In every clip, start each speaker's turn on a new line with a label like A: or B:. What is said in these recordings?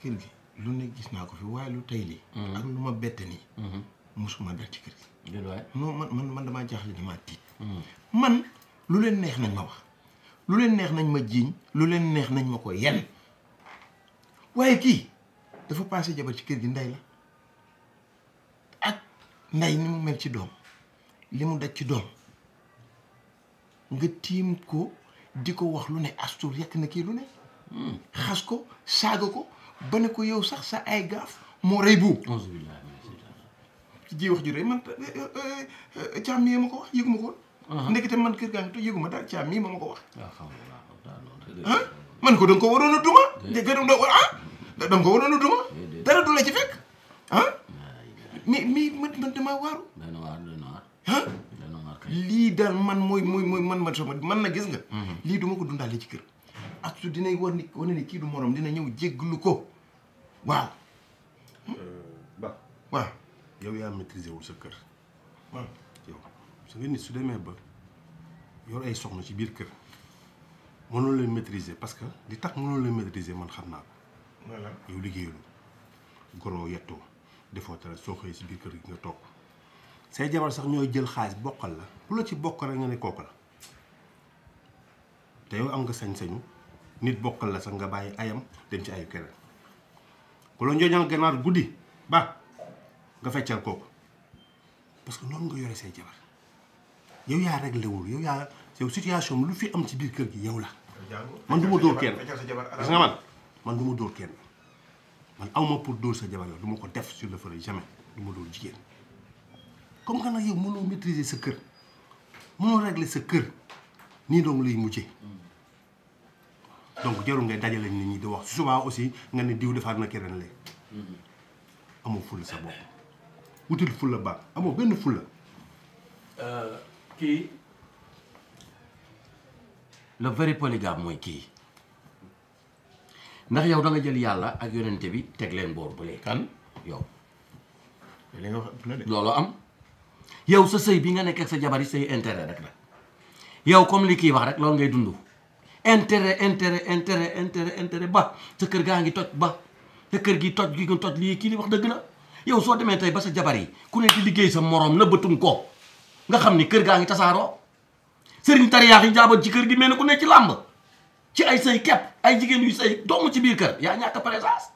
A: kër gi lu ne gis naa ko fi waaye lu tey lii. Mm-hmm. ak lu ma bett nii. Mm-hmm. musuma dal ci kër gi. déedéet non man man man damaa jaaxle damaa tiit. Mm-hmm. man lu leen neex nañ ma wax lu leen neex nañ ma jiiñ lu leen neex nañ ma ko yenn waaye kii dafa paase jabar ci kër gi ndey la ak ndey ni mu mel ci doom li mu daj ci doom nga tiim ko di ko wax lu ne astur yekk na kii lu ne. xas ko saaga ko ba ko yow sax sa ay gaaf moo rey bu ji wax ju rëy man eh, eh, eh, caam mii ko wax yëgu ma ko
B: uh-huh.
A: man kër gaa ngi ma daal caam mii ma ko wax
B: ah
A: ko danga ko waroon a duma gërëm da ah danga waroon a duma dara la ci fekk ah mais mais man man damaa waaru lii daal man mooy mooy mooy man man sama man na gis nga mm-hmm. lii duma ko dundaale ci kër ak su dinay wane ni kii du morom dina ñëw jégglu ko
C: waaw. Euh, ba waaw yaa maîtriser wul sa kër. waaw su nga nit su demee ba yor ay soxna ci biir kër mënoo leen maîtriser parce que li tax mënoo leen man xam naa ko. voilà yow liggéeyuloo goroo yettoo defoo dara soo xëyee si biir kër gi nga toog say jabar sax ñoo jël xaalis bokkal la ku la ci bokk rek nga ne kooku la te yow am nga sañ-sañu. nit bokkal la sax nga bàyyi ayam dem ci ayu keneen ku la njooñal ganaar guddi ba nga feccal kooku parce que noonu nga yore say jabar yow yaa réglé yow yaa yow lu fi am ci biir kër gi yow la man du ma dóor kenn
A: gis nga man
C: man du ma dóor kenn man awma pour dóor sa jabar yow du ma ko def sur le feu jamais dóor jigéen comme que yow mënoo maîtriser sa kër mënoo régler sa kër nii doom lay mujjee hmm. donc jarul ngay dajale nit ñi di wax souvent aussi nga ne diw defaat na keneen lee mm-hmm. amoo fulla sa bopp wutil fulla ba amoo benn fulla euh, kii la vrai polygame mooy
D: kii ndax yow da nga jël yàlla ak yonente bi teg leen boor bu lee kan yow li nga loolu am yow sa sëy bi nga nekk ak sa jabar yi sëy intérêt rek la yow comme li kii wax rek loolu ngay dund intérêt intérêt intérêt intérêt intérêt ba sa kër gaa ngi toj ba sa kër gi toj gi nga toj lii kii li wax dëgg la yow soo demee tey ba sa jabar yi ku ne di liggéey sa moroom nëbbatum ko nga xam ni kër gaa ngi tasaaroo sëriñ tariyaax yi jaabal ci kër gi mel ne ku ne ci làmb ci ay say kepp ay jigéen yu sa doomu ci biir kër yaa ñàkk présence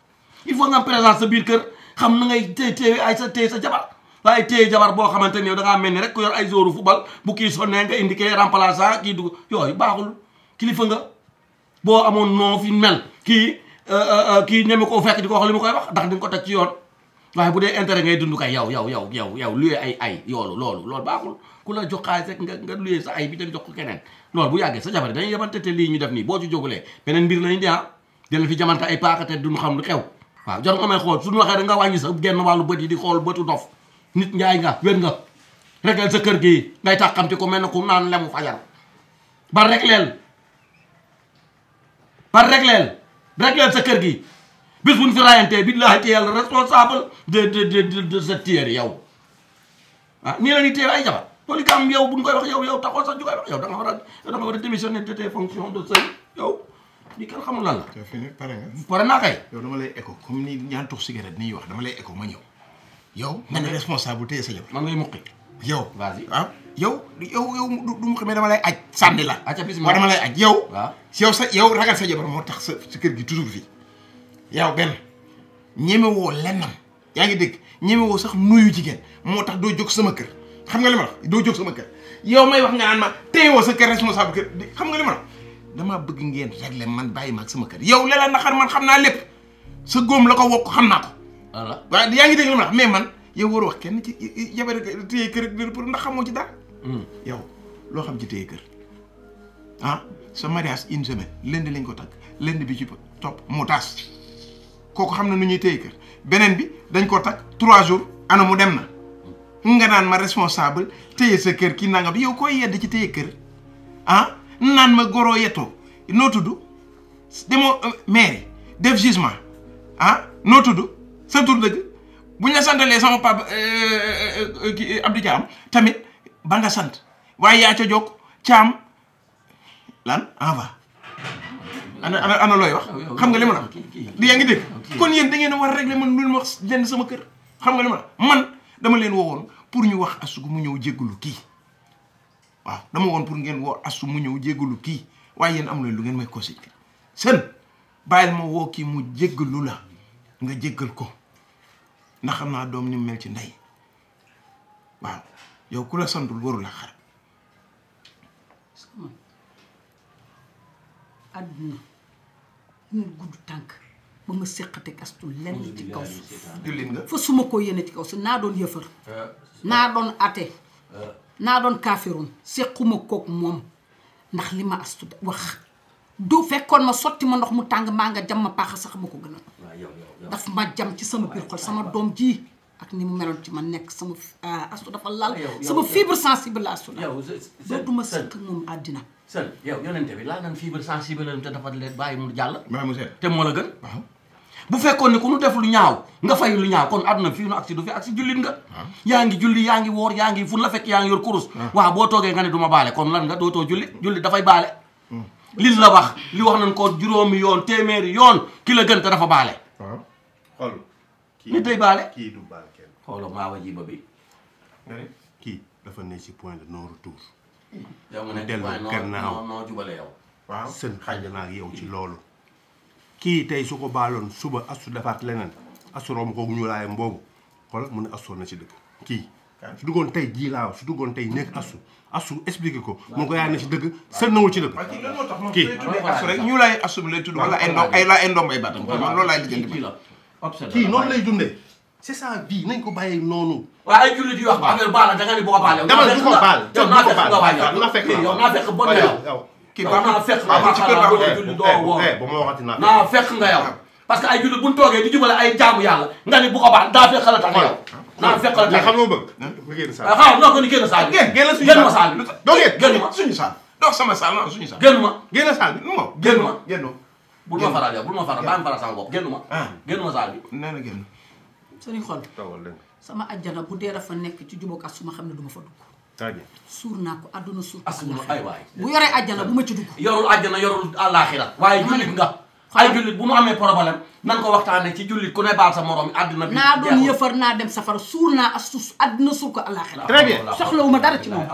D: il faut nga am sa biir kër xam na ngay téye sa téye sa jabar waaye téye jabar boo xamante ni yow da mel ni rek ku yor ay joueur football bu kii sonnee nga indiqué remplaçant kii dugg yooyu baaxul kilifa nga boo amoon noo fi mel kii euh, euh, euh, kii ñeme koo fekk di ko wax mu koy wax ndax di nga ci yoon waaye bu dee intérêt ngay dund kay yow yow yow yow yow luyee ay ay yoolu loolu loolu baaxul ku la jox xaalis rek nga nga luyee sa ay bi dem jox keneen loolu bu yàggee sa jabar dañuy yabante te lii ñu def nii boo ci jógulee beneen mbir lañu dee dina ah. fi jamante ay paakate duñu xam lu xew waaw jor nga may xool suñu waxee nga wàññi sa genn wàllu bët yi di xool bëtu dof nit njaay nga wér nga regleel sa kër gi ngay tax xam te ko mel ne ku naan lemu fajar ba regleel par regleel regleel sa kër gi bis buñ fi raayantee billaahi ci yàlla responsable de de de de sa tier yow ah nii la ñuy téye ay jabar polygame yow buñ koy wax yow yow taxoo sax ju koy wax yow da nga war a da nga war a démissionner de tes fonctions de sëy yow li kenn xamul lan la. te fii nii pare nga.
A: pare naa kay. dama lay écho comme ni ñaan tux cigarette ni ñuy wax dama lay écho ma ñëw yow. man responsable téye sa yow vas-y waaw ah, yow yow du ma xamee dama lay aj sànni la waaw ah, dama lay aj yow ah. yow yow ragal sa jabar moo tax sa sa kër gi toujours fii yow benn ñemewoo lennam yaa ngi dégg ñemewoo sax nuyu jigéen moo tax doo jóg sama kër xam nga li ma la doo jóg sama kër yow may wax nga naan ma teewoo sa kër responsable kër xam nga li ma la damaa bëgg ngeen régler man bàyyi maak sama kër yow la na naxar man xam naa lépp sa góom la ko wokk xam naa
B: ko
A: yaa ngi dégg li ma la man yow war wax kenn ci jabar téye kër pour ndax xamoo ci dara. Mm. yow loo xam ci téye kër ah sa mariage une semaine lënd lañ ko takk lënd bi ci topp mu taas kooku xam na nu ñuy téye kër beneen bi dañ ko takk trois jours ana mu dem na nga naan ma responsable téye sa kër kii bi yow koy yedd ci téye kër ah naan ma goro yettoo noo tudd demoo euh, mairie def jugement ah noo tudd sa tur dëgg bu ñu la santalee sama papa euh, euh, euh, Abdou Thiam tamit ba sant waaye yaa ca jokk Thiam lan en ah, va. ana ana looy wax xam nga li ma la di kon yéen da ngeen a war a régler man lu ma sama kër xam nga li ma man dama leen woowoon pour ñu wax asu mu ñëw jégalu kii waaw dama woon pour ngeen woo asu mu ñëw jégalu kii waaye yéen amu leen lu ngeen may conseillé seen bàyyil ma woo kii mu jégalu la nga jégal ko. ndax xam naa doom ni mu mel ci ndey waaw yow ku la santul
C: waru la xarit
E: àdduna ñu gudd tànk ba ma séqate astu lenn ci kaw suuf jullit fa su ma ko yéene ci kaw suuf naa doon yëfër euh, naa doon ate euh. naa doon kaafirun séquma kook moom ndax li ma astu wax du fekkoon ma sotti ma ndox mu tàng maa nga jam ma paax sax ma ko gën a daf ma jam ci sama biir xol sama doom ji ak ni mu meloon ci man nekk sama ah, astu dafa laal sama fibre sensible la astu dootuma sëkk moom
D: àddina sël yow yonente bi laal nan fibre sensible am te dafa bàyyi mu jàll te moo la gën bu fekkoon ne ku nu def lu ñaaw nga fay lu ñaaw kon àdduna fii nu agsi du fi agsi jullit nga yaa ngi julli yaa ngi woor yaa ngi fu la fekk yaa ngi yor kurus waa boo toogee nga ne du ma baale kon lan nga dootoo julli julli dafay baale hmm. li la wax li wax nañ ko juróomi yoon yoon ki la gën te dafa xool nit day baale kii du baal kenn xoolal maawa bi
C: kii dafa ne si point de non retour yow mu dellu gannaaw
D: noo jubale yow
C: naa yow ci loolu kii tey su ko baaloon suba asu defaat leneen asu romb kooku ñu laayam boobu xoolal mu ne asoon na ci dëkk kii su duggoon tey jii laaw su duggoon tey nekk asu asu expliqué ko mu ko yaa ne ci dëgg sën nawul ci dëgg
A: kii asu rek ñu
C: asu bi lay tudd wala ay ndom ay laa ay ndom ay baatam man loolu
A: kii noonu lay dundee
C: c'est sa vie nañ ko bàyyi noonu.
D: waaw ay jullit yi wax ko affaire baal da nga ni boo ko baalee. dama du ko baal yow naa fekk nga waay yow naa fekk yow naa fekk bon na yow. kii ba naa fekk nga wax xanaa doo julli doo woor ba eh, ma waxati naa naa fekk nga yow. parce que ay jullit bu ñu toogee di jubale ay jaamu yàlla nga ni bu ko baal daa fekk la tax yow. naa fekk la tax xam
C: nga bëgg. nga génn saa ah, xaaral
D: naa ko ni génn saa bi. génn suñu saa bi génn ma saa bi. doo génn suñu saa dox sama saa non suñu saa génn ma génn saa bi non génn ma génn bul ma faral yow bul ma faral baa ma faral sama ma. Ah. génn ma saal bi. nee na génn. sëriñ xol
E: sama ajjana bu dee dafa nekk ci jubóog asuma xam ne du ma fa
D: dugg.
E: suur naa ko adduna suur. asuma ay waay bu yoree ajjana bu ma ci dugg.
D: yorul ajjana yorul àllaaxira waaye jullit nga. ay jullit bu mu amee problème nan ko waxtaanee ci jullit ku ne baal sa morom àdduna
C: bi. naa doon yëfar
E: naa dem safara suur naa as suuf àdduna suur ko àllaaxira. très bien soxlawu ma dara ci moom.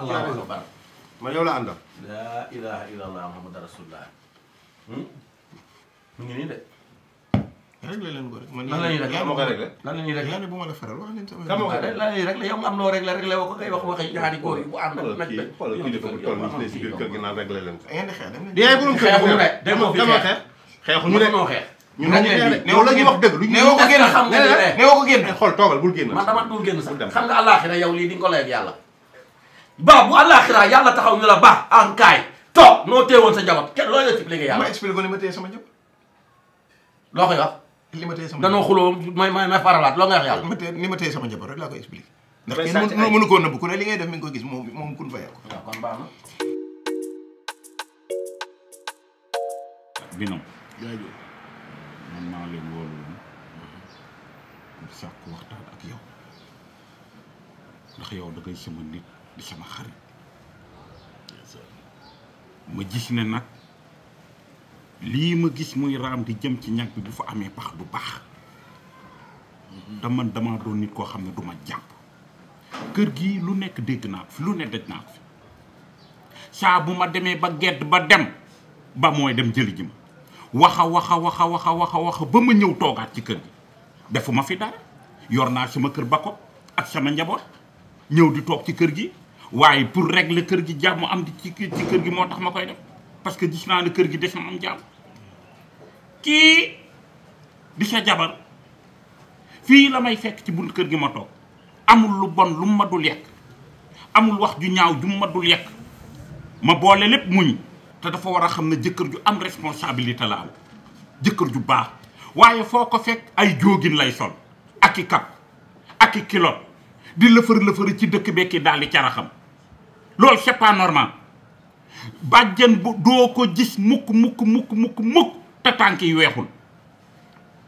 C: ma yow la àndal. laa
D: ilaaha illallaah mu ngi nii de. réglé leen ko rek man lan la ñuy réglé lan
A: la ñuy réglé bu ma la faral wax leen sama. kan moo koy réglé lan
D: la ñuy réglé yow nga am loo réglé réglé woo ko kay wax waxi ñaari góor yi bu
C: ànd ak nag. xoolal kii dafa toll nii ci biir kër gi naan réglé leen ko. da ngeen di xeex dem leen ko xeexuñu de xeexuñu de ñun dañuy xeex ne la ñuy wax dëgg. lu ñu ko génn xam nga ne
D: woo ko génn. xool toogal bul génn. man dama bul génn sax xam nga àllaaxira yow lii di nga ko lay ak yàlla. ba bu àllaaxira yàlla taxaw ñu la ba en kaay toog noo téewoon sa jabar kenn looy la ci léegi yàlla. ma expliqué
A: ko ni ma téye sama jabar. loo koy wax. li ma téye sama danoo xuloo li ma téye sama njaboot rek laa koy expliqué. ndax kenn mënu koo ko. waaw kon baax
F: na. leen wóolu woon sàkk waxtaan ak yow ndax yow da sama nit di sama xarit ma gis ne nag. lii ma gis muy raam di jëm ci ñag bi bu fa amee pax du baax dama dama doon nit koo xam ne du ma jàpp kër gi lu nekk dégg naa ko fi lu ne daj naa ko fi saa bu ma demee ba gedd ba dem ba mooy dem jëli ji ma waxa waxa waxa waxa waxa ba ma ñëw toogaat ci kër gi defuma fi dara yor naa sama kër ba ko ak sama njaboot ñëw di toog ci kër gi waaye pour régler kër gi jàmm am di ci ci kër gi moo tax ma koy def parce que gis naa ne kër gi des na am jàmm kii di sa jabar fii la may fekk ci bunt kër gi ma toog amul lu bon lu mu ma dul yekk amul wax ju ñaaw ju mu ma dul yekk ma boole lépp muñ te dafa war a xam ne jëkkër ju am responsabilité la am jëkkër ju baax waaye foo ko fekk ay jóogin lay sol ak i kap ak i kilot di lëfër lëfër ci dëkk bekki daal di caraxam loolu c'est normal bàjjen bu doo ko gis mukk mukk mukk mukk mukk te tànk yi weexul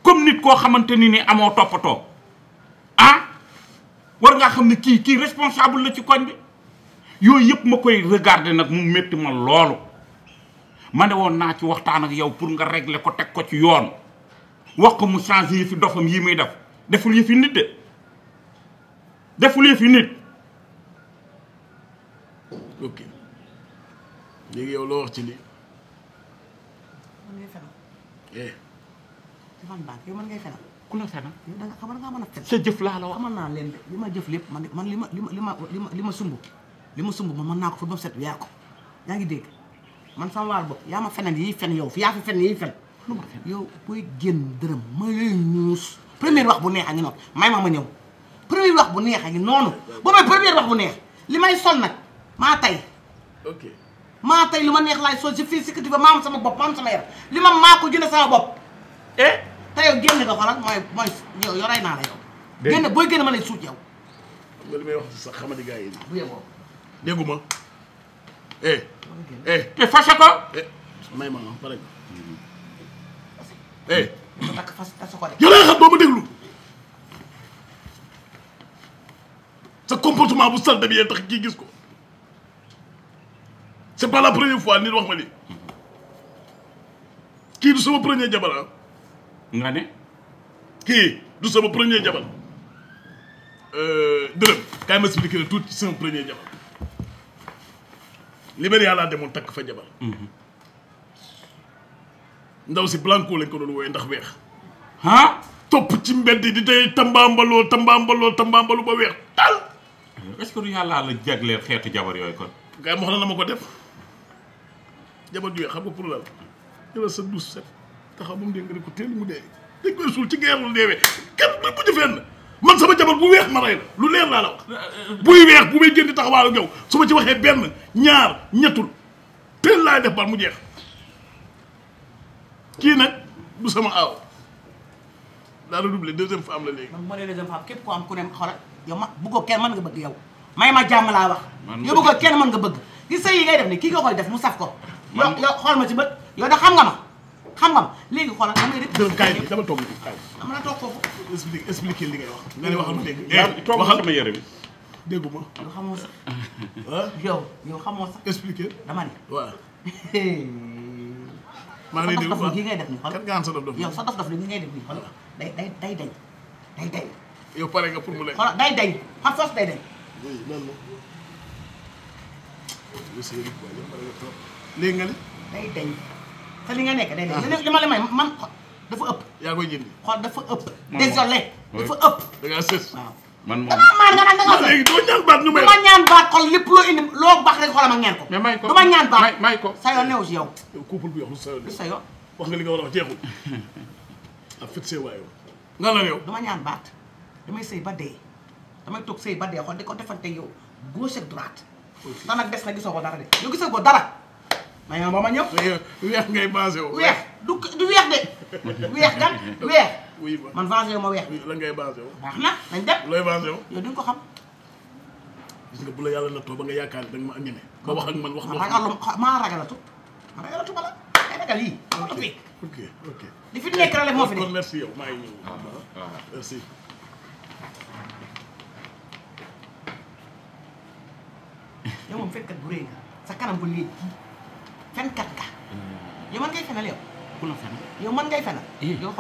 F: comme nit koo xamante ni ni amoo toppatoo ah war ngaa xam ne kii kii responsable la ci koñ bi yooyu yëpp ma koy regarder nag mu metti ma loolu ma ne woon naa ci waxtaan ak yow pour nga régler ko teg ko ci yoon wax ko mu changé yëfi dofam yi muy def deful
B: yëfi nit de deful yëfi nit léegi yow loo wax ci lii.
E: mën ngay fenal. eh. dafa am yow mën ngay fenal. ku la fenal. yow da nga xam nga mën a fenal. sa jëf laa la wax. xamal naa leen de li ma jëf lépp man man li ma li ma li ma li ma sumb li ma sumb man mën naa ko fa ba mu set yaa ko yaa ngi dégg man sama waar bopp yaa ma fenal yiy fen yow fi yaa fi fen yiy fen. lu ma fen yow booy génn dërëm ma lay ñuus. première wax bu neex a ngi noonu may ma ma ñëw première wax bu neex a ngi noonu bu may première wax bu neex li may sol nag maa tay ok maa tey lu ma neex laay soo je fais ce que tu veux sama bopp ma sama yar li ma maa ko jënd sama bopp eh te yow génn nga mooy mooy yow naa la yow.
D: dégg booy génn ma lay suut yow.
B: xam nga may wax sax xamadi gars yi. bu yeboo déggu ma. eh eh te eh. Eh. takk fas tasa ko de. yow xam doo ma déglu. sa comportement bu saleté bi yéen tax kii gis ko. c' est pas la première fois nit wax ma lii kii du sama premier jabar ah. nga ne. kii du sama premier jabar euh, dërëm kaay ma expliqué la tuuti ci sama premier jabar Libéria laa demoon takk fa jabar. Mhm. ndaw si blanco lañ ko doon wooyee ndax weex. ah topp ci mbedd di tey tambaambaloo tambaambaloo tambaambalu ba weex tal.
F: Euh, est-ce que du yàllaa la jagleel xeetu jabar yooyu kon.
B: gars yi wax ma ko def. jabar ju xam nga pour lal jëla sa douze set taxaw ba mu dee nga ne ko teel mu dee dañ koy suul ci geer lu deewee kenn duñ ko jëfeen man sama jabar bu weex ma rey la lu leer laa la wax buy weex bu may génn taxawaalu ñëw su ma ci waxee benn ñaar ñettul teel laay def bal mu jeex kii nag du sama aaw daa redoublé deuxième femme la léegi. man bu ma nee
E: deuxième femme képp ko am ku ne xoolal yow ma bu ko kenn mën nga bëgg yow may ma jàmm laa wax. man yow bu ko kenn mën nga bëgg. gis sa yi ngay def ni kii nga koy def mu saf ko man yow xool ci bët yow xam nga ma xam nga ma léegi xoolal dama lay def. dégg kaay
B: bi dama toog kaay bi. dama la toog foofu. explique wax. nga ne waxal ma dégg. eh toog waxal ma yére ma. yow xamoo sax.
E: yow yow xamoo sax. expliqué dama ne. maa ngi lay déglu waaw ngay def nii xool. kat nga sa dof dof yow sa dof dof li ngay def day day day dañ day dañ. yow pare nga pour mu lay. day dañ par day dañ.
B: oui léegi nga li day dañ
E: te li nga nekk day dañ ah. li ma la man dafa ëpp yaa koy jënd xool dafa ëpp désolé dafa
B: ëpp da ngaa sës waaw man moom dama maar nga naan da nga léegi doo
E: ñaan baat ñu may dama ñaan baat xool lépp loo indi
B: ko mais may ko baat sa yoon newu si yow couple bi yow sa yoon du sa yoon
E: wax nga li nga war a wax jeexul a fixé nga la yow dama ñaan baat damay sëy ba dee damay toog sëy ba dee xool di ko defante yow gauche ak droite ndax nag des na gisoo ko dara de yow gisoo ko dara may ma ba ma ñëw. weex ngay
B: basé wu. weex
E: du du weex de. weex gan weex. oui man basé wu ma weex. lan ngay basé wu.
B: baax na nañ dem looy basé wu. yow duñ ko xam. gis nga bu la yàlla nattoo ba nga yaakaar ne danga ma ñeme. ba wax ak man wax. ma
E: maa ragalatu ma ragalatu ma la
B: ay ragal yii. ok ok li fi nekk rek moo fi nekk kon merci yow maa ngi ñëw. waaw ah, ah. merci.
E: yow moom fekkat bu rëy nga sa kanam bu léegi. fenkat nga mm. yow man ngay fenal yow la fenal yow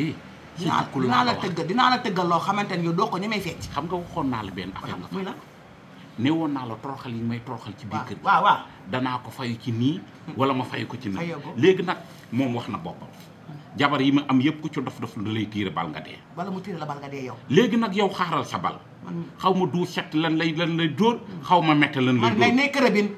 F: eh. xoolal eh. dinaa dinaa la tëggal dinaa la tëggal loo xamante ne yow doo ko ñemee fecc xam nga waxoon naa la benn affaire nga muy la ne woon la toroxal yi may toroxal ci biir kër danaa ko fayu ci nii hmm. wala ma fayu ko ci nii léegi nag moom wax na boppam
E: hmm.
F: jabar yi ma am yëpp ku ci dof dof da lay tiire bal nga dee
E: mu tiire la bal yow
F: léegi nag yow xaaral sa bal xaw ma du set lan lay lan lay dóor hmm. xaw ma mette lan lay dóor
E: nekk rabin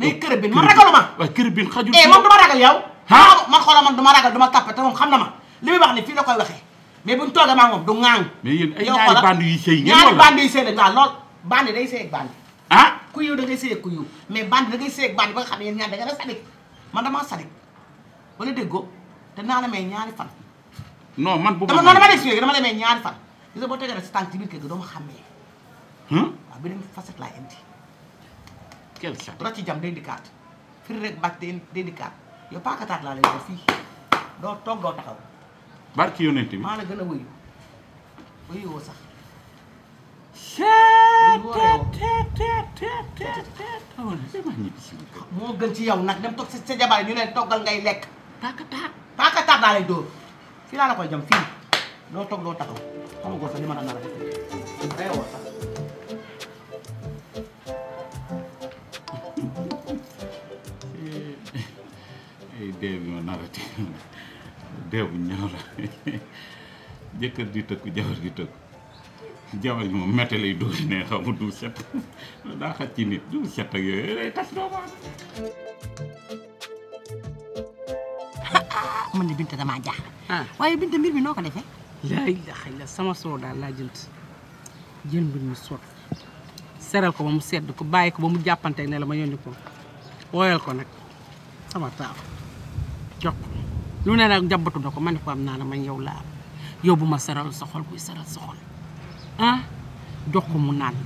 E: mais kër bin man ragaluma. waaw kër bin xajul eh, ci moom du ma ragal yow. ah man xoolal man du ma ragal du ma tàppe te moom xam na ma li muy wax ni fii la koy waxee mais buñ toogee maa moom du ŋaang. mais yéen ay ñaari band yu sëy ngeen wala ñaari band yu sëy lañ waaw lool band day sëy ak band ah ku yiw da ngay sëy ak ku yiw mais band da ngay sëy ak band ba nga xam ne yéen ñaar da nga la sadik man damaa sadik wala déggoo te naa la may ñaari fan
F: non man bu ma dama expliqué dama la may
E: ñaari fan gis nga boo tegee rek sa tànk ci biir kër gi doo ma xàmmee waaw beneen facette laay indi Kelsa raci jam day dikkaat firi rek bàcc day dikkaat yow paakataat laa lay def fii doo toog doo taxaw
F: barki yonent bi maa la
E: gën a wuyu wuyu woo sax moo gën ci yow nag dem toog sa jabar ñu leen ngay lekk paakataat paakataat laa lay dóor jam fii doo toog doo taxaw xamagoo sax li ma la nar a def
F: dee bi ma narati dee bu ñaaw la jëkkër di tëkk jabar di tëkk jabar ji moom métti lay dóor ma du set daa xaj ci nit du set ak yooyu
E: ah. Binta mbir mi noo ko defee. laa ilaha sama soow laa jënd jël mbir mi sot seral ko ba mu sedd ko bàyyi ko ba mu jàppanteeg ne la ma yónni ko wooyal ko nag sama taaw. jox lu ne nag njabootu na ko ma ne ko am naa la man yow laa yow bu ma saral soxol xol kuy soxol ah jox ko mu naan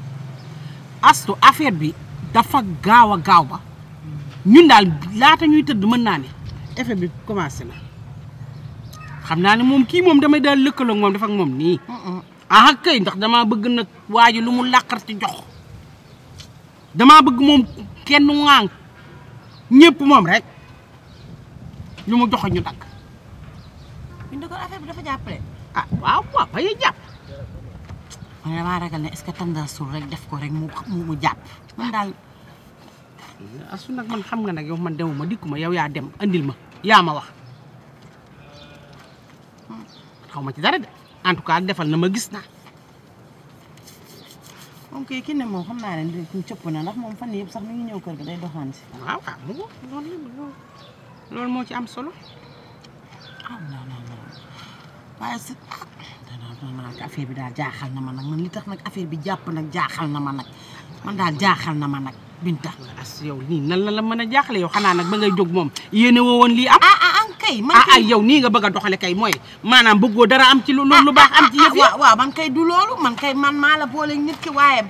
E: astu affaire bi dafa gaaw a gaaw ba ñun daal laata ñuy tëdd mën naa ne effet bi commencé na xam naa ne moom kii moom damay daal lëkkaloo moom dafa moom nii ah kay ndax damaa bëgg nag waa ji lu mu làqar ci jox damaa bëgg moom kenn ŋaan ñëpp moom rek ñu mu joxoon ñu dagg. ñu ne kon affaire bi dafa jàppale. ah waaw waaw ba ñuy jàpp. man damaa ragal ne est-ce que rek def ko rek mu mu jàpp man asu ah, nag man xam nga nag yow man dikku ma yow yaa dem a ma yaa ma wax. xaw ma ci dara en tout cas defal na ma gis na moom kay ki ne moom xam naa ne cëpp a ndax moom fan yëpp sax mi ngi loolu moo ci am solo. a ah, non bi daal jaaxal na ma nag man li tax nag affaire bi jàpp nag jaaxal na ma nag man daal jaaxal na ma nag Binta. as yow nii nan la la mën a jaaxle xanaa nag ba jóg moom yéene woo lii am. Ah, ah, kay man kay ah yow nga bëgg a doxale kay mooy maanaam bëggoo dara am ci lu lu baax am ci yëf yi man kay du loolu man kay man maa la boole nit ki waaye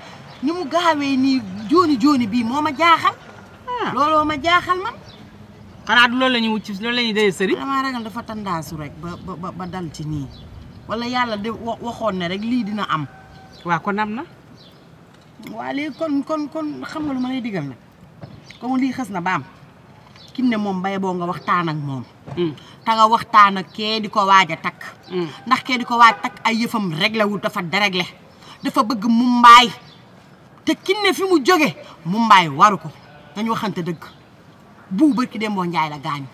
E: ni mu gaawee ni jooni jooni bii moo ma jaaxal looloo ma jaaxal man xanaa du loolu la ñuy wut ci loolu la ñuy dee sëriñ. damaa ragal dafa tandaasu rek ba ba dal ci nii wala yàlla de waxoon ne rek lii dina am. waaw kon am na. waa léegi kon kon kon xam nga lu ma lay digal nag comme lii xës na baam am kim ne moom bay boo nga waxtaan ak moom. Mm. te waxtaan ak kee di ko waaj a takk. Mm. ndax kee di ko waaj takk ay yëfam réglé wul dafa déréglé dafa bëgg mu mbaay te kim ne fi mu jóge mu mbaay waru ko dañu waxante dëgg. bu bërki dem boo njaay la gaañu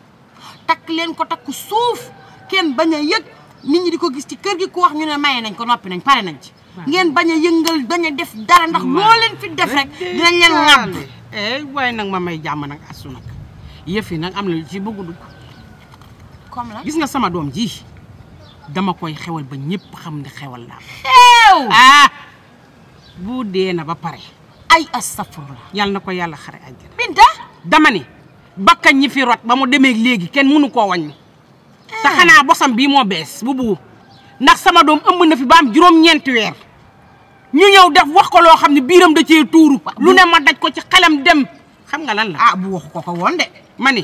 E: takk leen ko takk suuf kenn bañ a yëg nit ñi di ko gis ci kër gi ko wax ñu ne may nañ ko noppi nañ pare nañ ci ngeen bañ a yëngal bañ a def dara ndax loo fi def rek dinañ leen ŋàbb eh ma may jàmm nag assu nag yëf nag am na lu ci bëggu gis nga sama doom ji dama koy xewal ba ñëpp xam ne xewal laa xew ah bu dee na ba pare ay astafurlah yàlla na ko yàlla xare àjjana binta dama ne bakkan yi fi rot ba mu demee léegi kenn mënu koo wàññi. te ah. xanaa bosam bii moo bees bu buur ndax sama doom ëmb na fi ba am juróom-ñeenti weer ñu ñëw def wax ko loo xam ne biiram da cee tuuru. lu ne ma daj ko ci xelam dem xam nga lan la. ah bu wax ko ko woon de. ma ne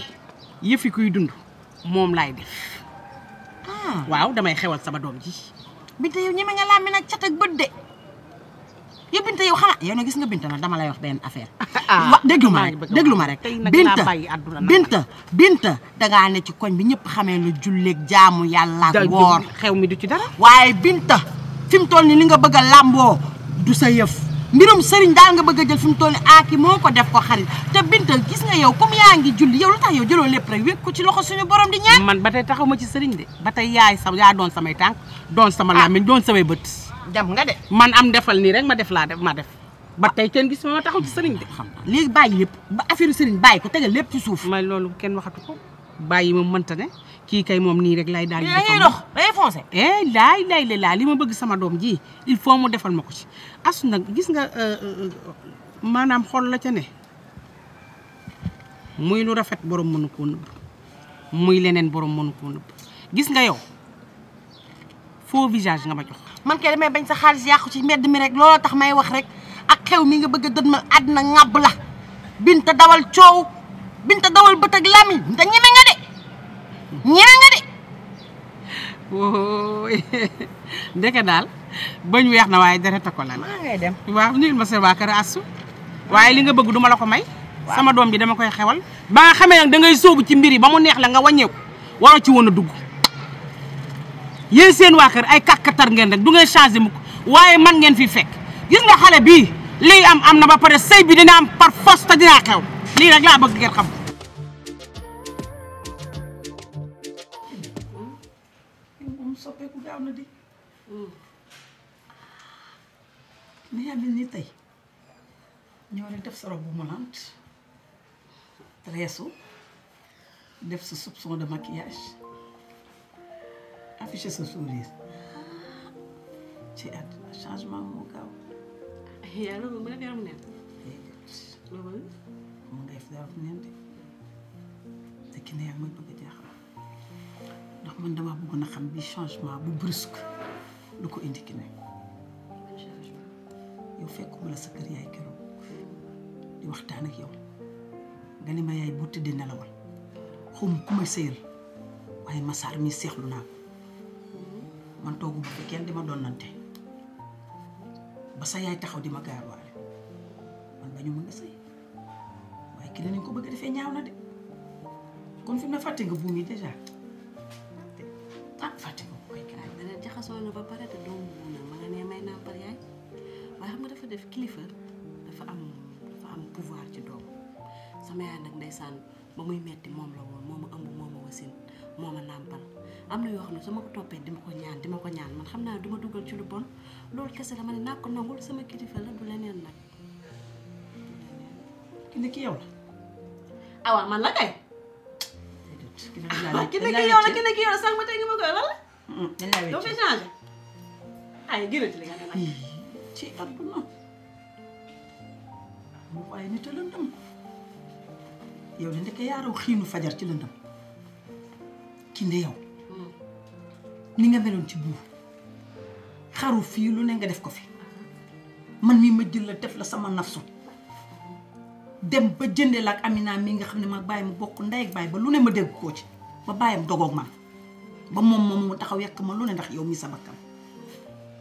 E: yëfi kuy dund moom laay def. Ah. waaw damay xewal sama doom ji. bi ñeme nga laa mën a cat ak bët de. yow Binta yow xanaa yow na gis nga Binta nag dama lay wax benn affaire. ah déglu ma rek déglu ma rek. Binta Binta Binta dangaa ne ci koñ bi ñëpp xamee lu julleeg jaamu yàlla ak woor xew mi du ci dara. waaye Binta fi mu toll ni li nga bëgg a du sa yëf. mbirum sëriñ daal nga bëgg a jël fi mu toll ni aaki moo ko def ko xarit te Binta gis nga yow comme yaa ngi julli yow lu tax yow jëloo lépp rek wékk ko ci loxo suñu borom di ñaan. man ba tey taxaw ma ci sëriñ de ba tey yaay sa yaa doon samay tànk doon sama ah. làmmiñ doon samay bët. jam nga de. man am defal nii rek ma def laa def ma def. ba tey ten gis ma ma taxaw ci de. xam nga léegi bàyyi lépp ba affaire sëriñ bàyyi ko tegal lépp ci suuf. may loolu kenn waxatu ko bàyyi moom mënta ne kii kay moom nii rek lay daal di. defal ma day foncé. Eh, laa li ma bëgg sama doom ji il faut mu defal ma ko ci. asu nag gis nga euh, euh, maanaam xol la ca ne muy lu rafet borom mënu koo nëbb muy leneen borom mënu koo nëbb gis nga yow foo visage nga ma jox. man kay damay bañ sa xaalis yàqu ci medd mi rek looloo tax may wax rek ak xew mi nga bëgg a dënmal àddina ŋàbb la binta dawal coow binta dawal bët ak lamiñ te ñeme nga de ñeme nga de wóoy ndeke daal bañ weex na waaye deret ko lan maa ngay dem waaw nuyul ma sa waa kër asu waaye li nga bëgg duma la ko may sama doom bi dama koy xewal ba nga xamee nag da ngay ci mbir yi ba mu neex la nga wàññeeku waroo ci woon a dugg yéen seen waa kër ay kàkkatar ngeen rek du ngeen changé mu ko waaye man ngeen fi fekk gis nga xale bi lii am am na ba pare sëy bi dina am par force te dinaa xew lii rek laa bëgg ngeen xam. soppeeku gaaw na di ni yàlla ni tey ñoo ne def sa robe bu molante reesu de maquillage affiché sa sourire ci àdduna changement moo gaaw. yaa loolu mën na neen. de te ndax man dama bëggoon a xam bi changement bu brusque lu ko indi ki ne yow fekkuma la sa kër yaay keroog di waxtaan ak yow nga ne ma yaay bu tëddee nelawal xaw ma sëyal waaye masaar mi seexlu naa man toogu ma kenn di ma donnante ba sa yaay taxaw di ma gaaruwaale man ba ñu mën nga sëy waaye ki nañ ko bëgg defee ñaaw na de kon fi mu ne fàtte nga buum yi déjà ah fàtte nga koy gaañ. Ah, dana jaxasoo na ba pare te doomu buum na ma nga ne may naa yaay waaye xam nga dafa def kilifa dafa am dafa am pouvoir ci doom sama yaay nag ndeysaan ba muy metti moom la woon moo ma ëmb moo ma wasin moo ma nàmpal am na yoo xam ne ma ko toppee dima ko ñaan ko ñaan man xam naa duma dugal ci lu bon loolu kese la naa ko nangul sama kilifa la ki ne ki yow la awaa man la ne ki ki ne ki yow a xiinu fajar ci lëndëm kinde yow ni nga meloon ci buur xaru fii lu ne nga def ko fi man mii ma jël la def la sama nafsu dem ba jëndee la ak Amina mii nga xam ne ma bàyyi mu bokk ndey ak bàyyi ba lu ne ma dégg koo ci ba bàyyam dogoog man ba moom moom mu taxaw yàq ma lu ne ndax yow mi sama kam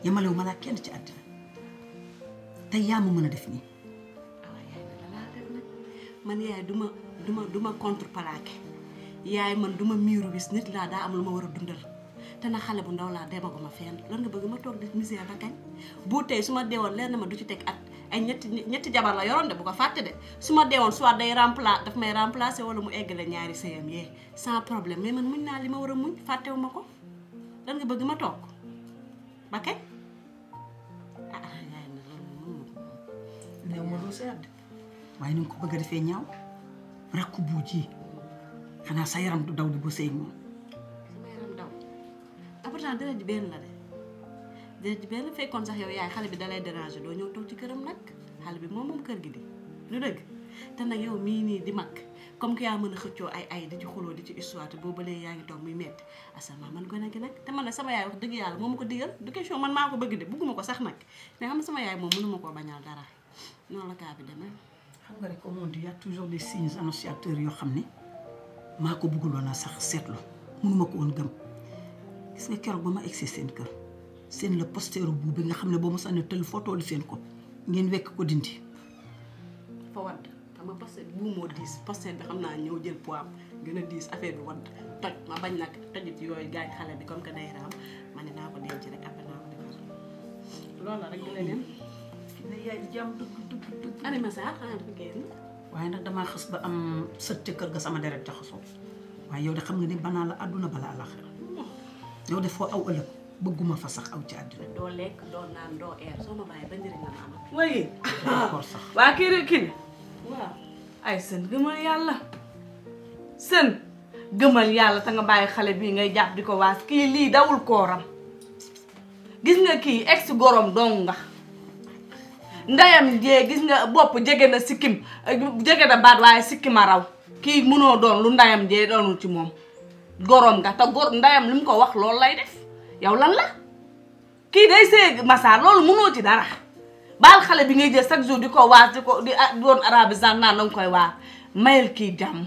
E: yamalewu ma laa kenn ci àddina te yaa ma mën a def nii. Ah, man yaay duma duma duma yaay man duma miiru bis nit laa daa am lu ma war a dundal te na xale bu ndaw laa demaguma fenn lan nga bëgg ma toog di misère ba kañ bu tey su ma deewoon leer na ma du ci teg at ay ñetti ñetti jabar la yoroon de bu ko fàtte de su ma deewoon soit day remplacer daf may remplacer wala mu egg ñaari sëyam yee sans problème mais man muñ naa li ma war a muñ fàttewu ma ko lan bëgg ma toog ba kañ ah, ah yaay na loolu néew ma du waaye ni ko bëgg a defee ñaaw rakk bu ji xanaa sa yaram du daw di bësee moom. sama yaram daw te ah, pourtant benn la de deret benn fekkoon sax yow yaay xale bi dalay déranger doo ñëw toog ci këram nag xale bi moom moom kër gi di lu dëgg te nag yow mii nii di mag comme que yaa mën a xëccoo ay ay di ci xuloo di ci histoire boobu léegi yaa ngi toog muy métti asamaa man gone gi nag te man a sama yaay wax dëgg yàlla moo ma ko digal du question man maa ko bëgg de bugguma ko sax nag mais sama yaay moom mënu koo bañal dara noonu la xam nga rek au monde il y a toujours yoo xam ne maa ko bëgguloon a sax seetlu mënuma ko woon gëm gis nga keroog ba ma egsi seen kër seen la posteeru bu bi nga xam ne ba mu sànni tël foo toll seen ko ngeen wekk ko dindi. fa wadd xam nga posteer bu moo diis posteer bi xam naa ñëw jël poids am gën a diis affaire bi wadd toj ma bañ nag tojit yooyu gaañ xale bi comme que day raam ma ne naa ko denc rek après naa ko defar loolu la rek dina leen. yaay jàmm dugg dugg dugg. waaye nag damaa xas ba am sët ca kër ga sama deret jaxasoo waaye yow de xam nga ni banaa la àdduna balaa àllaxira yow de foo aw ëllëg bëgguma fa sax aw ci àdduna. doo lekk doo naan doo air soo ma bàyyi ba njëriñ la ma amal. oui d'accord sax. waa kii rek yàlla sën gëmal yàlla te bàyyi xale bii ngay jàpp ko waas kii lii dawul kooram gis nga kii ex gorom dong nga. ndeyam jee gis nga bopp jege na sikkim jege na baat waaye sikkima raw kii mënoo doon lu ndayam jee doonul ci moom goroom nga te gor ndeyam li mu ko wax loolu lay def yow lan la kii day séeg masaar loolu mënoo ci dara baal xale bi ngay jël chaque jour di ko waas di ko di ah, doon arabisant naan danga koy waar mayel kii jàmm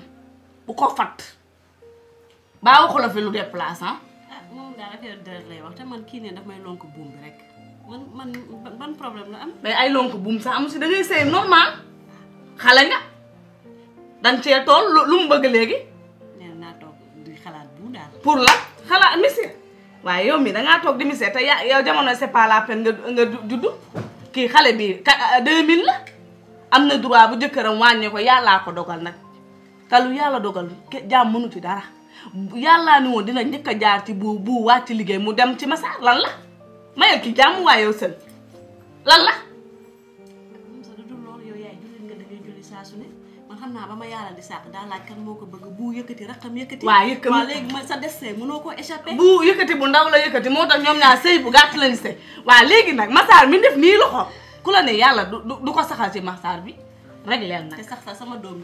E: bu ko fat baa waxu la fi lu déplace ah, ah moom daal affaire deret lay wax te man kii ne daf may lonk buum rek man man man problème la am. mais ay lonk buum sax amu si da ngay sëy normal xale nga dañ cee tool lu mu bëgg léegi. nee naa toog di xalaat bu daal. pour la xalaat monsieur waaye yow mi da toog di monsieur te ya yow jamono c'est pas la peine nga nga juddu kii xale bi ka 2000 ah, la am na droit bu jëkkëram wàññee ko yàllaa ko dogal nag te yàlla dogal jaam mënu ci dara yàllaa ni woon dina njëkk a jaar ci bu bu ci liggéey mu dem ci masaar lan la. mayal ki jàmm waaye yow sën lan la. moom sax du ma yaaral di sàq daa moo ko bëgg bu yëkkati raqam yëkkati. waaw yëkkati waaw léegi mënoo koo échappé. bu yëkkati bu ndaw la moo tax ñoom ñaar sëy bu la ñu sëy léegi nag masaar ku la ne yàlla du du ko bi rek sama doom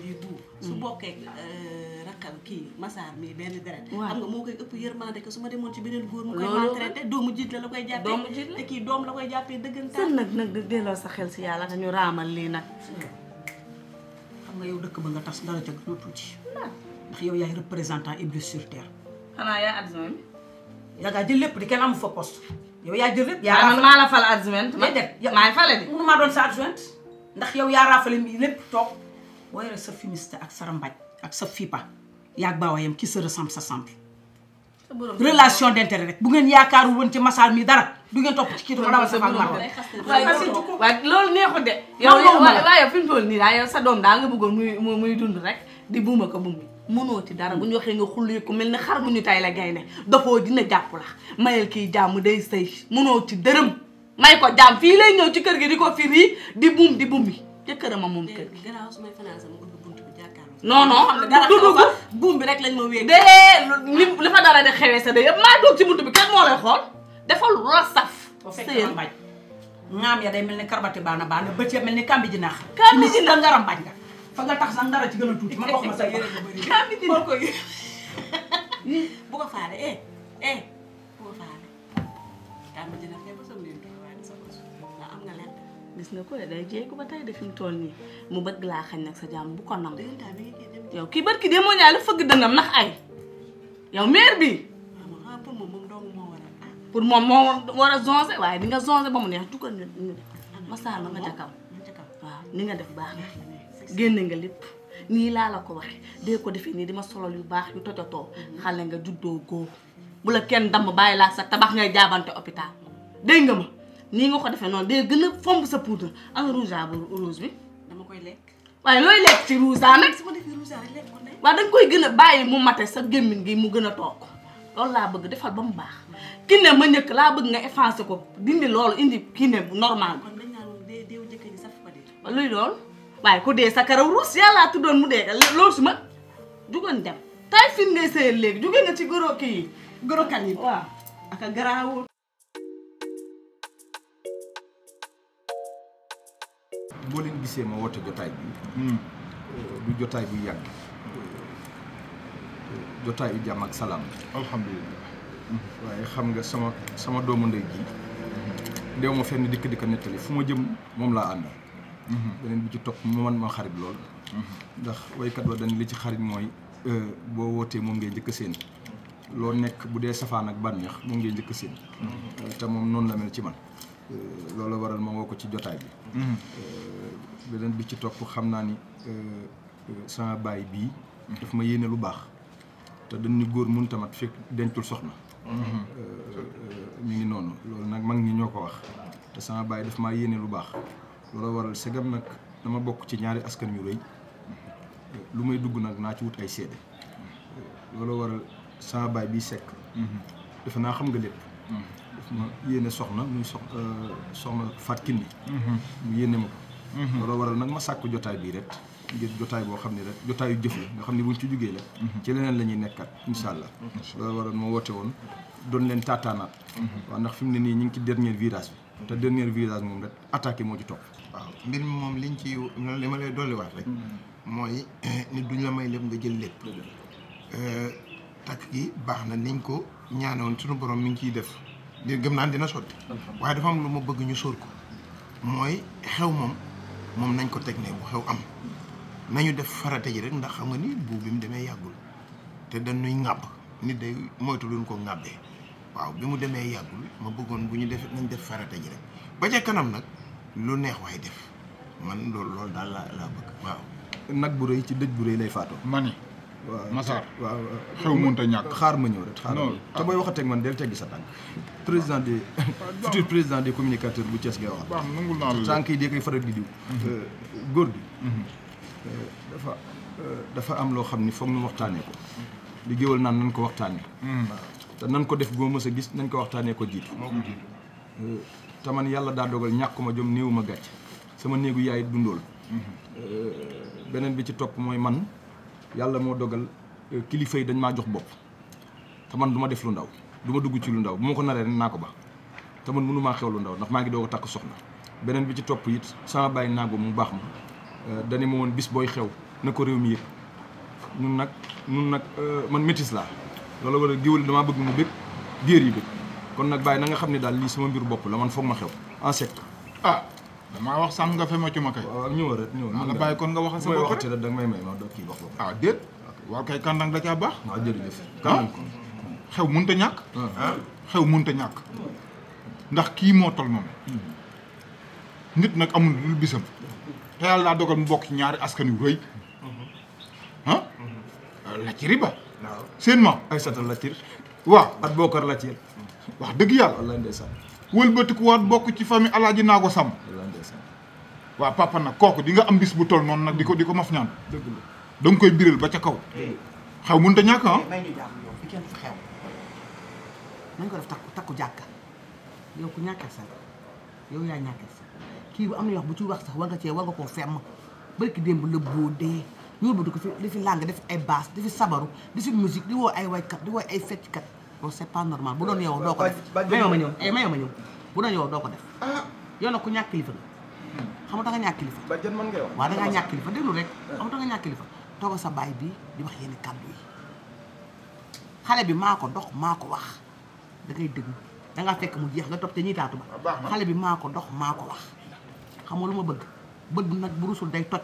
E: ak kii Massar mii benn deret xam nga moo koy ëpp yërmande que su ma demoon ci beneen góor mu koy maltraité doomu jiit la la koy jàppee te kii doom la koy jàppee dëggantaan sën nag nag delloo sa xel si yàlla dañu raamal lii nag xam nga yow dëkk ba nga tas dara ca gën a yow yaay représentant Iblis sur terre xanaa yaa adjoint bi yaa ngaa jël lépp di kenn amu yow yaa jël lépp yaa man maa la ma def maa fale di mënu maa doon sa adjoint ndax yow yaa raafale mi lépp toog waaye rek sa fumiste ak sa rambaaj ak sa fipa yaag baawayam ki se ressemble sa semble relation d'intérêt rek bu ngeen yaakaaru woon ci masaal mi dara du ngeen topp ci kii dama a sama maro waaye loolu neexut de yow mu toll nii daal yow sa doom daa nga bëggoon muy muy dund rek di buuma ko buum bi mënoo ci dara bu ñu waxee nga xulli ku mel ne xar mu ñu tay la gaynde dafoo dina jàpp la mayel kii jàmm day sëy mënoo ci dërëm may ko jàmm fii lay ñëw ci kër gi di ko firi di buum di buum bi jëkkëram a moom kër gi non non xam ah, ne dara bi rek lañ ma wéy. de li li fa xewee sa de yëpp maa doog ci buntu bi kenn moo lay xool defal lu la saf. sëyër mbañ ngaam ya day mel ni karbati baana baana bët ya mel ni kambi ji naax. kambi ji naax ngaram mbañ nga. fa nga tax sax dara ci gën a tuuti man waxuma sa yére kambi ji naax bu ko faale eh, eh gis nga ko de day jéegu ba tey de fi toll nii mu bëgg laa xañ nag sa jàmm bu ko nangu. yow kii ki de moo ñaale fëgg dëngam nax ay yow maire bi. pour moom moom dong war a. pour waaye di nga zonze ba mu neex du ko nga masaal nga ca kaw. waaw ni nga def baax na génne nga lépp nii laa la ko waxee dee ko defee nii dima solol yu baax yu tojotoo xale nga juddoo góor bu la kenn damm bàyyi laa sa tabax ngay jaabante hôpital dégg nga ma. nii nga ko defee noonu day gën a fomb sa poudre ak rouge à lèvres rouge bi. dama koy lekk.
C: waaye looy lekk ci rouge à nag. su
E: ma defee rouge koy gën a bàyyi mu mate sa gémmiñ gi mu gën a toog loolu laa bëgg defal ba mu baax. ki ne njëkk laa bëgg nga effacé ko dindi loolu indi ki ne bu normal. kon dañ naa loolu dee deewu njëkk a waaye ku dee sa karaw ruus yàllaa tuddoon mu dee loolu su ma jugoon dem. tay fin ngay sëyal léegi jugee nga ci goro kii yi. waaw ak a
A: boo leen gisee ma woote jotaay bi hmm. du jotaay bu yàgg jotaay bu jàmm ak salaam alhamdulilah hmm. waaye xam nga sama sama doomu ndey ji hmm. dew ma fenn dikk di ko nettali fu ma jëm moom laa àndal beneen bi ci topp mu man ma xarit lool ndax waykat wa dañ li ci xarit mooy euh, boo wootee moom ngay njëkk seen loo nekk bu dee safaan ak bànneex moom ngay njëkk seen te moom noonu la mel ci man Euh, loolu waral ma woo ko ci jotaay bi. Mhm. Euh, beneen bi ci topp xam naa ni euh, sama baay bii. Mhm. daf ma yéene lu baax. te dañ ni góor mun tamat fekk dencul soxna. Mhm. mi ngi noonu loolu nag mag ni ñoo ko wax te sama baay daf maa yéene lu baax loolu waral segam nag dama bokk ci ñaari askan yu rëy lu may dugg nag naa ci wut ay seede loolu waral sama baay bii sekk. defe naa xam nga lépp. daf ma yéene soxna muy sox euh, soxna Fatou Kindi mhm. mu yéene ma ko mhm. loolu waral nag ma sàkk jotaay bii rek ngir jotaay boo xam ne rek jotaayu jëf la nga xam ne buñ ci jugee la mhm. ci leneen la ñuy nekkat insha allah loolu waral ma woote woon doon leen taataanaat waaw ndax fi mu ne nii ñu ngi ci dernier virage bi te dernier virage moom rek attaqué moo ci topp waaw mbir mi moom liñ ci li ma lay dolliwaat rek mooy nit duñ la may lépp nga jël lépp euh, takk gi baax na niñ ko ñaanoon sunu borom mi ngi ciy def di gëm naan dina sotti waaye dafa am lu ma bëgg ñu sóor ko mooy xew moom moom nañ ko teg ne bu xew am nañu def farate ji rek ndax xam nga ni bu bi demee yàggul te dañuy ŋàbb nit day moytu luñ ko ŋàbbee waaw bi mu demee yàggul ma bëggoon bu ñu def nañ def farate ji rek ba ca kanam nag lu neex waay def man loolu loolu daal laa laa bëgg waaw nag bu rëy ci dëj bu rëy lay faatoo ma
C: Massar waaw xew mënut a
A: ñàkk xaar ma ñëw rek xaar te wax waxatee ak man del teggi sa tànk président des futur président des communicateur bu Thiès ngay wax nangul naa la tànk yi dee koy faral di diw mhm. euh, góor gi mhm. euh, dafa euh, dafa am loo xam ni foog nu waxtaanee ko mhm. li naan nañ ko waxtaanee te nañ ko def goo mës a gis nañ ko waxtaanee ko jiitu te man yàlla daa dogal ñàkkuma jom néewu ma gàcc sama néegu yaay dundool beneen bi ci topp mooy man yàlla moo dogal euh, kilifa yi dañ maa jox bopp te man duma def lu ndaw du ma dugg ci lu ndaw bu ma ko naree naa ko ba te man mënumaa xew lu ndaw ndax maa ngi doo a takk soxna beneen bi ci topp it sama bàyyi naago mu baax ma euh, dana ma bis booy xew na ko réew mi yëg mun nag nun nag euh, man métis laa loolu wala géwél damaa bëgg mu bëgg géer yi bëgg kon nag bàyyi nanga xam ne daal lii sama mbir bopp la man foog ma xew en sec ah! maa wax sànq nga fe ma ci ma kay. waaw ñëw bàyyi kon nga waxal sama bopp rek da nga may may ma do ah, kay kàndang da caa baax waaw jërëjëf kan ah, xew mënut a ñàkk ah. xew mënut a ñàkk ndax kii moo tol moom hmm. nit nag amul lu bisam te yàlla dogal mu bokk ci ñaari askan yu rëy hmm. ah hmm. lacciri ba seen ma ay satal at bokkar laccir wax dëgg yàlla wallaahi ndeysaan wëlbatikuwaat bokk ci famille alaaji naa ko sàmm waaw papa nag kooku di nga am bis bu toll noonu nag di ko di ko maf ñaan dëgg la da koy biral ba ca kaw xew mënut a ñàkk ah
E: may ko def takku takku jàkka yow ku sa yow yaa ñàkkal bu am na yoo bu ci wax sax war cee war nga koo femm barki démb la boo dee ñoolu ba ko fi fi làng def ay baas di sabaru di fi musique di woo ay waykat di woo ay fecckat bon c'est bu doon yow doo ko ma ñëw eh, mayoo ma ñëw bu doon yow doo ko def ah. yow nag ku ñàkk kilifa xam nga da nga ñàkk kilifa ba jën mën ngay wax waaw da ngaa ñàkk kilifa déglu rek eh. xam nga da bi di wax yenn kàddu bi maa ko dox maa ko wax da ngay déglu da ngaa fekk mu jeex nga topp te ñiy taatu ba ah, xale bi maa ko dox maa ko wax xam lu ma bëgg bëgg nag bu rusul day toj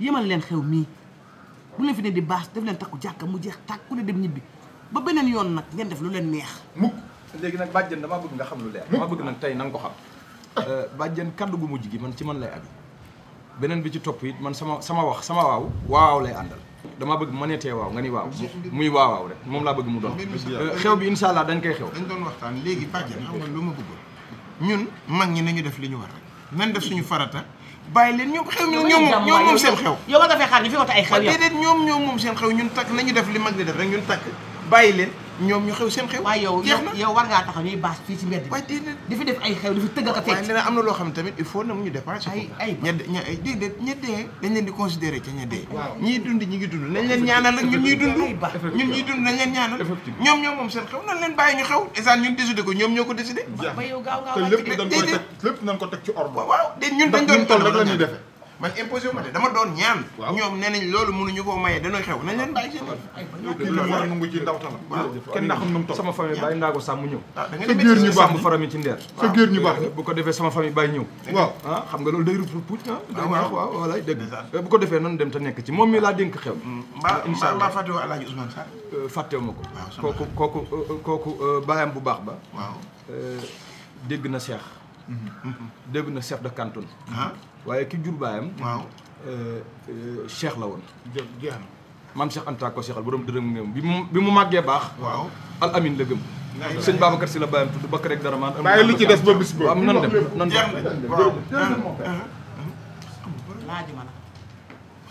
E: yémal leen xew mii bu leen fi ne di baas def leen takku jàkka mu jeex tàkk ku ne dem ñibbi ba beneen yoon nag ngeen def lu leen neex mukk
A: léegi nag bàjjen damaa bëgg nga xam lu leer damaa bëgg nag ko Euh, bàjjen kaddu gu mujj gi man ci man lay abi beneen bi ci topp it man sama sama wax sama waaw waawaaw lay àndal dama bëgg ma neetee waaw nga ni waaw muy waawaaw rek moom laa bëgg mu doon euh, xew bi incha allah dañ koy xew dañ doon waxtaan léegi bàjjen ma bëggoon ñun mag ñi nañu def li ñu war rek nan def suñu farata bàyyi leen ñoom xew mi ñoom ñoom moom seen xew yow war nga fee xaar
E: ñu fi wata ay xew yow déedéet
A: ñoom ñoom moom seen xew ñun takk nañu def li mag di def rek ñun takk bàyyi leen ñoom ñu xew seen xew waaye yow yow war ngaa taxaw ñuy baas fii ci mbedd di fi def ay xew di tëgg ak a fecc waaye nee na am na loo xam ne tamit il faut na mu ñu ngi dund nañ leen ñaanal ak ñun ñuy dund ñun ñuy dund nañ leen ñaanal ñoom ñoom moom seen xew nañ leen bàyyi ñu xew esaan ñun décidé ko ñoom ñoo ko décidé ba yow
B: gaaw gaaw lépp
A: dañ ko teg ci ordre waaw de ñun dañ doon toll la ñuy defee man imposé wu ma de dama doon ñaan. ñoom nee nañ loolu mënuñu koo maye danoy xew nañ leen bàyyi mu war a ndaw tam. waaw kenn naa xam nu mu toll. sama famille bàyyi naa ko sàmm ñëw. ah da nga demee ci faram yi ci ndeer. sa géer ñu baax bu ko defee sama famille bàyyi ñëw. waaw ah xam nga loolu day ruuj puuj ah. ah. waaw waaw voilà eh, bu ko defee noonu dem te nekk ci moom mi laa dénk xew. Mm, incha allah mbaa mbaa fàttewu Alaaji Ousmane Sarr. Eh, ma ko. kooku kooku eh, kooku baayam bu baax ba. waaw dégg na Cheikh. Mm-hmm. dégg na chef de canton. Ah. waaye ki jur baayam. waaw euh, euh, la woon. jë jeex na. maam Cheikh Anta ko seexal borom dërëm ngëm bi mu bi mu màggee baax. waaw al amin la gëm. sëñ Babacar si la bàyyam tudd ba rek dara man. bàyyi lu ci des ba bis boobu waaw nan dem nan dem. waaw laaj na.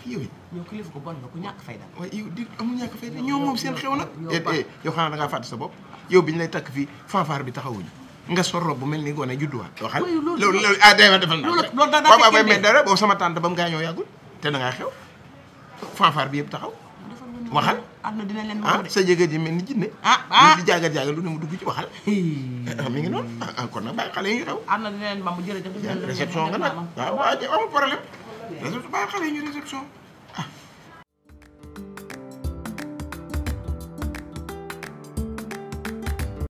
A: yow kilifa ko bon nga ku ñàkk fayda. waaye yow moom seen xew nag. yow eh, eh, xanaa da ngaa sa bopp yow bi ñu lay takk fii faafaar bi taxawuñ nga sor rob bu mel ni gone judduwaat. waxal loolu loolu ah day defal naa. loolu loolu daan naa fekkee mais dara boobu sama tante ba mu gaañoo yàggul te da ngaa xew fanfar bi yëpp taxaw.
E: waxal àdduna dina leen ah, wax de
A: sa jëkkër ji mel ni jinne ah ah di jaagar jaagar lu ne mu dugg ci waxal. Ah, mi ngi noonu encore ah, nag bàyyi xale yi ñu raw. am na dina leen mbaam bu jërëjëf. réception nga nag waaw waaw amul problème. réception bàyyi xale yi ñu réception.